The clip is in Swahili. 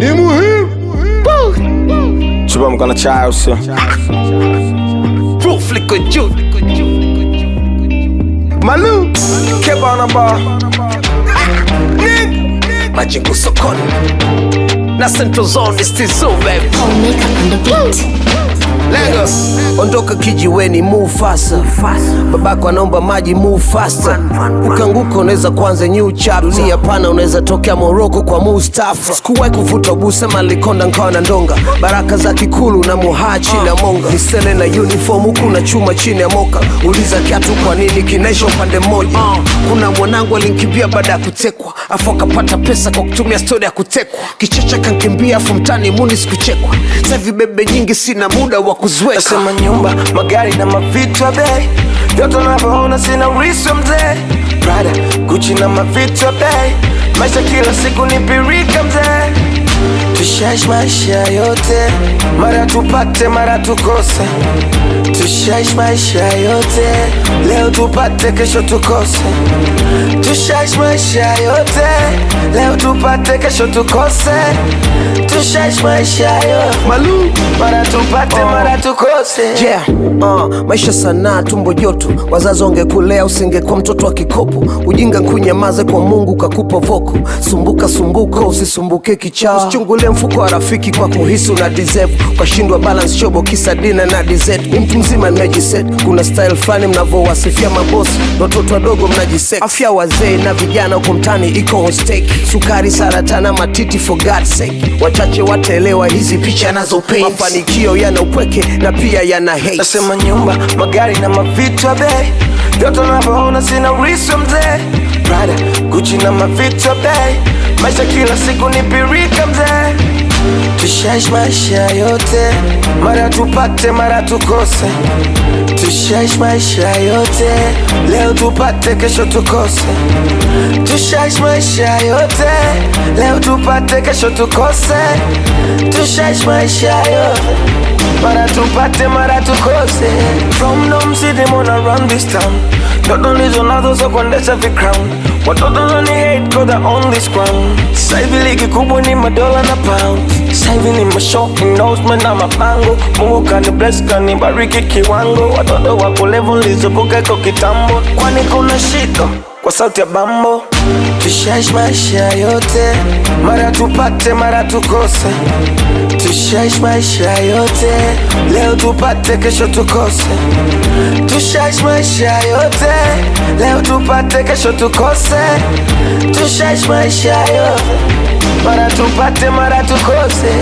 Nemo Hill. chaves. gonna child, sir. Proof liquid juice. Manu, Keba on a bar. Nick, my Na Central Zone is still so Oh, make up on the beat. Lagos. Ondoka kijiweni, move faster. Babako anaomba maji, move faster. Ukanguka unaweza kuanza new chapter. Dunia pana, unaweza tokea Moroko kwa Mustafa. Sikuwahi kuvuta busa, malikonda nkawa na ndonga, baraka za Kikulu na chini ya Monga, misele ah. na uniform huku na chuma chini ya moka. Uliza kiatu kwa nini kinaisha upande mmoja. Ah. Kuna mwanangu alinkimbia baada ya kutekwa, afu akapata pesa kwa kutumia story ya kutekwa. Kichecha kankimbia afu mtani muni sikuchekwa. Savi bebe nyingi, sina muda wa kuziweka nyumba, magari na mavita bei, vyote navyoona sina uriso mzee, Prada, Gucci na mavita bei, maisha kila siku ni pirika mzee, tushaishi maisha yote, mara tupate mara tukose, tushaishi maisha yote, leo tupate kesho tukose Tushaishi maisha yote, leo tupate, kesho tukose. Tushaishi maisha yote, mara tupate, oh. mara tukose. Yeah, uh, maisha sanaa, tumbo joto. Wazazi wangekulea usingekuwa mtoto wa kikopo. Ujinga nkunyamaze kwa Mungu kakupa voko. Sumbuka sumbuko, usisumbuke kichaa. Usichungulie mfuko wa rafiki kwa kuhisu na deserve. Ukashindwa balance chobo kisa dina na dessert. mtu mzima mnajiset, kuna style fulani mnavyowasifia mabosi, watoto wadogo mnajiset, afya wazee na vijana huko mtani iko on stake, sukari, saratana, matiti, for God's sake, wachache wataelewa hizi picha nazo paint. Mafanikio yana upweke na pia yana hate. Nasema nyumba, magari na mavitu ya bei, vyote unavyoona sina urithi wa mzee, Prada, Gucci na mavitu ya bei, maisha kila siku ni birika mzee Tushaishi maisha yote, mara tupate, mara tukose. Tushaishi maisha yote, leo tupate, kesho tukose. Tushaishi maisha yote, leo tupate, kesho tukose. Tushaishi maisha yote mara tupate mara tukose from them City mona run this town toto ndizo nazo za kuendesha vicrown watoto nani hate cause they're on this ground saivi ligi kubwa ni madola na pound saivi ni masho endorsement na mapango mungu kani bless kani bariki kiwango watoto tambo. nilizovuka iko kitambo kwani kuna shito kwa sauti ya bambo. Tushaishi maisha yote, mara tupate, mara tukose. Tushaishi maisha yote, leo tupate, kesho tukose. Tushaishi maisha yote, leo tupate, kesho tukose. Tushaishi maisha yote, mara tupate, mara tukose.